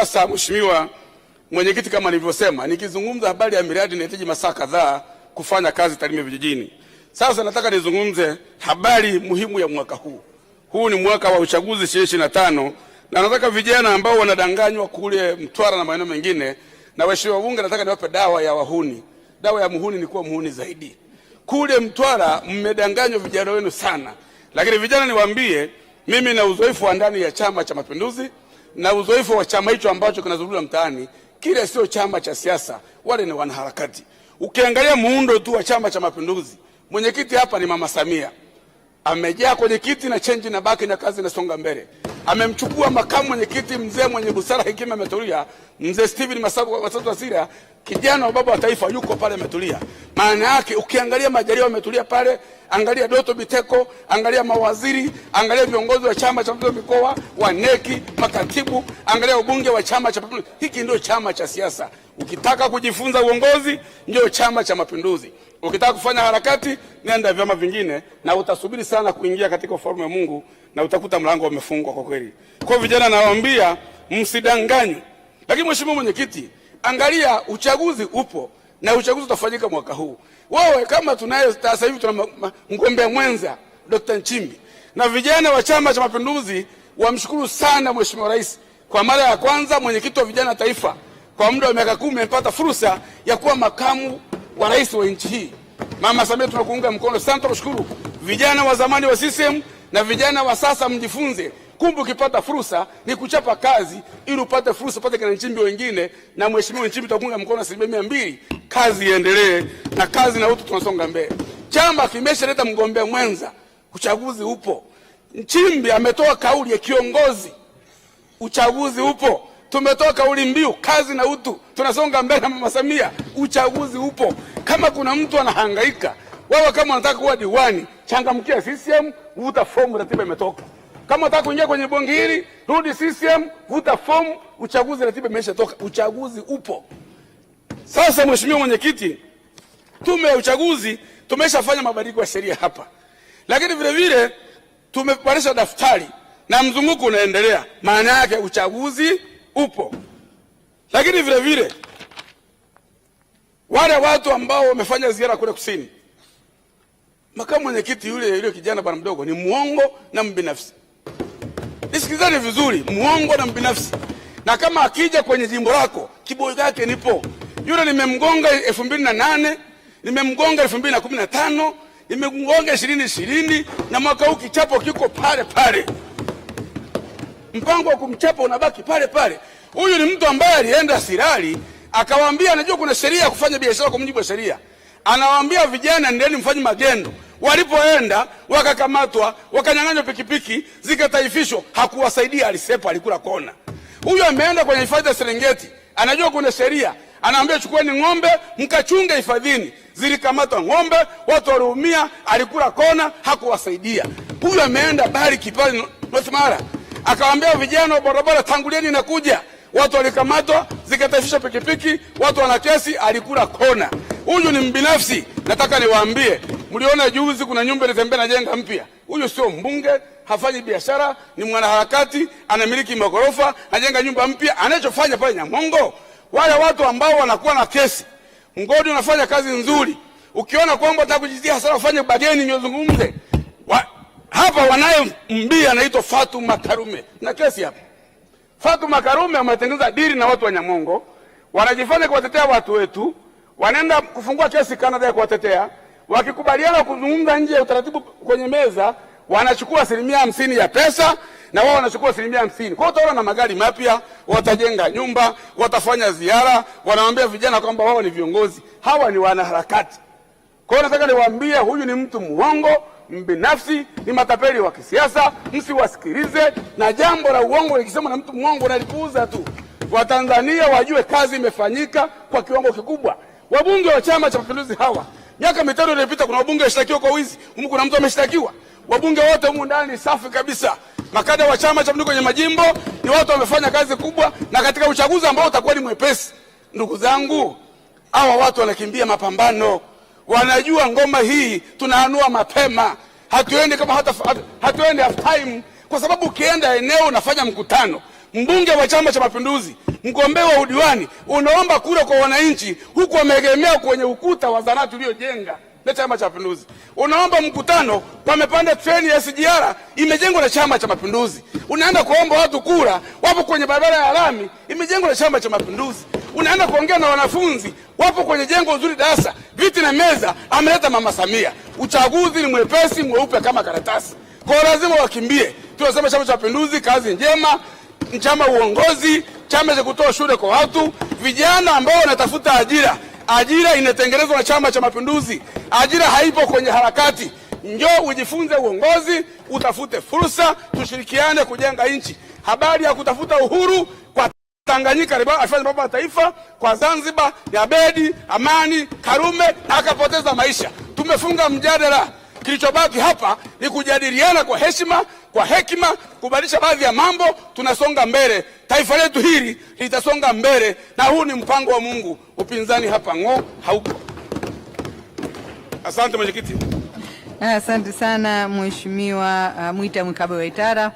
Sasa Mheshimiwa Mwenyekiti, kama nilivyosema, nikizungumza habari ya miradi inahitaji masaa kadhaa kufanya kazi Tarime vijijini. Sasa nataka nizungumze habari muhimu ya mwaka huu. Huu ni mwaka wa uchaguzi 2025 na nataka vijana ambao wanadanganywa kule Mtwara na maeneo mengine, na waheshimiwa wabunge, nataka niwape dawa ya wahuni. Dawa ya muhuni ni kuwa muhuni zaidi. Kule Mtwara mmedanganywa vijana wenu sana, lakini vijana niwaambie, mimi na uzoefu wa ndani ya Chama cha Mapinduzi na uzoefu wa chama hicho ambacho kinazurura mtaani, kile sio chama cha siasa, wale ni wanaharakati. Ukiangalia muundo tu wa Chama cha Mapinduzi, mwenyekiti hapa ni Mama Samia, amejaa kwenye kiti na chenji na baki na kazi inasonga mbele amemchukua makamu mwenyekiti mzee mwenye busara, hekima, ametulia, mzee Steven Masabu Wasatu Asira, kijana wa baba wa taifa, yuko pale ametulia. Maana yake ukiangalia Majaliwa ametulia pale, angalia Doto Biteko, angalia mawaziri, angalia viongozi wa chama cha mikoa wa neki, makatibu, angalia ubunge wa chama cha Mapinduzi. Hiki ndio chama cha siasa. Ukitaka kujifunza uongozi, ndio Chama cha Mapinduzi. Ukitaka kufanya harakati, nenda vyama vingine, na utasubiri sana kuingia katika ufalme wa Mungu, na utakuta mlango umefungwa kwa kweli. Kwa vijana, nawaambia msidanganywe. Lakini mheshimiwa mwenyekiti, angalia, uchaguzi upo na uchaguzi utafanyika mwaka huu. Wewe kama tunayo sasa hivi tuna mgombea mwenza Dr. Nchimbi, na vijana wa Chama cha Mapinduzi wamshukuru sana mheshimiwa rais. Kwa mara ya kwanza mwenyekiti wa vijana taifa kwa muda wa miaka kumi amepata fursa ya kuwa makamu wa rais wa nchi hii Mama Samia, tunakuunga mkono sana. Tunakushukuru vijana wa zamani wa CCM na vijana wa sasa, mjifunze kumbe, ukipata fursa ni kuchapa kazi ili upate fursa, upate kina Nchimbi wengine. Na mheshimiwa Nchimbi, tutakuunga mkono asilimia mia mbili. Kazi iendelee na kazi na utu, tunasonga mbele. Chama kimeshaleta mgombea mwenza, uchaguzi upo. Nchimbi ametoa kauli ya kiongozi, uchaguzi upo tumetoa kauli mbiu kazi na utu, tunasonga mbele. Mama Samia, uchaguzi upo. Kama kuna mtu anahangaika, wewe kama unataka kuwa diwani, changamkia CCM, vuta fomu, ratiba imetoka. Kama unataka kuingia kwenye bonge hili, rudi CCM, vuta fomu, uchaguzi, ratiba imeshatoka. Uchaguzi upo. Sasa mheshimiwa mwenyekiti, tume ya uchaguzi tumeshafanya mabadiliko ya sheria hapa, lakini vile vile tumeparisha daftari na mzunguko unaendelea. Maana yake uchaguzi upo, lakini vile vile wale watu ambao wamefanya ziara kule kusini, makamu mwenyekiti yule yule kijana bwana mdogo ni muongo na mbinafsi. Nisikilizane vizuri, muongo na mbinafsi, na kama akija kwenye jimbo lako kiboi yake nipo. Yule nimemgonga 2008 na nimemgonga elfu mbili nimemgonga ishirini ishirini na mwaka huu kichapo kiko pale pale mpango wa kumchapa unabaki pale pale. Huyu ni mtu ambaye alienda Sirari akawaambia anajua kuna sheria ya kufanya biashara kwa mujibu wa sheria, anawaambia vijana, endeni mfanye magendo. Walipoenda wakakamatwa, wakanyang'anywa pikipiki, zikataifishwa. Hakuwasaidia, alisepa, alikula kona. Huyu ameenda kwenye hifadhi ya Serengeti, anajua kuna sheria, anaambia chukueni ng'ombe mkachunge hifadhini. Zilikamatwa ng'ombe, watu waliumia, alikula kona, hakuwasaidia. Huyu ameenda Bari Kipale, North Mara akawaambia vijana barabara, tangulieni na kuja. Watu walikamatwa, zikatafisha pikipiki, watu wana kesi, alikula kona. Huyu ni mbinafsi. Nataka niwaambie, mliona juzi kuna nyumba ilitembea na jenga mpya. Huyu sio mbunge, hafanyi biashara, ni mwanaharakati, anamiliki magorofa, anajenga nyumba mpya. Anachofanya pale Nyamongo, wale watu ambao wanakuwa na kesi, mgodi unafanya kazi nzuri. Ukiona kwamba utakujitia hasara, ufanye bageni, nyozungumze hapa mbii anaitwa Fatuma Karume na kesi hapa. Fatuma Karume ametengeneza dili na watu wa Nyamongo, wanajifanya kuwatetea watu wetu, wanaenda kufungua kesi Canada ya kuwatetea. Wakikubaliana kuzungumza nje ya utaratibu kwenye meza, wanachukua asilimia hamsini ya pesa na wao wanachukua asilimia hamsini. Kwa hiyo utaona na magari mapya, watajenga nyumba, watafanya ziara, wanawaambia vijana kwamba wao ni viongozi. Hawa ni wanaharakati. Kwa hiyo nataka niwaambie, huyu ni mtu mwongo mbinafsi, ni matapeli wa kisiasa, msiwasikilize. Na jambo la uongo likisema na mtu mwongo nalipuuza tu. Watanzania wajue kazi imefanyika kwa kiwango kikubwa. Wabunge wa Chama cha Mapinduzi hawa miaka mitano iliyopita, kuna wabunge washtakiwa kwa wizi humu, kuna mtu ameshtakiwa. Wabunge wote humu ndani safi kabisa. Makada wa Chama cha Mapinduzi kwenye majimbo ni watu wamefanya kazi kubwa, na katika uchaguzi ambao utakuwa ni mwepesi, ndugu zangu, hawa watu wanakimbia mapambano wanajua ngoma hii tunaanua mapema, hatuendi kama hata, hatuendi half time, kwa sababu ukienda eneo unafanya mkutano, mbunge wa Chama cha Mapinduzi, mgombea wa udiwani, unaomba kura kwa wananchi, huku wameegemea kwenye ukuta wa zanati uliojenga na Chama cha Mapinduzi. Unaomba mkutano, pamepanda treni ya SGR imejengwa na Chama cha Mapinduzi. Unaenda kuomba watu kura, wapo kwenye barabara ya lami imejengwa na Chama cha Mapinduzi unaenda kuongea na wanafunzi, wapo kwenye jengo zuri, darasa, viti na meza, ameleta mama Samia. Uchaguzi ni mwepesi mweupe kama karatasi, kwa lazima wakimbie. Tunasema Chama cha Mapinduzi, kazi njema, chama uongozi, chama cha kutoa shule kwa watu, vijana ambao wanatafuta ajira. Ajira inatengenezwa na Chama cha Mapinduzi, ajira haipo kwenye harakati. Njoo ujifunze uongozi, utafute fursa, tushirikiane kujenga nchi. Habari ya kutafuta uhuru Tanganyika alifanya baba wa taifa kwa Zanzibar, ya Bedi Amani Karume na akapoteza maisha. Tumefunga mjadala, kilichobaki hapa ni kujadiliana kwa heshima, kwa hekima, kubadilisha baadhi ya mambo. Tunasonga mbele, taifa letu hili litasonga mbele, na huu ni mpango wa Mungu. Upinzani hapa ng'o haupo. Asante mwenyekiti. Asante sana mheshimiwa uh, Mwita Mwikabe Waitara.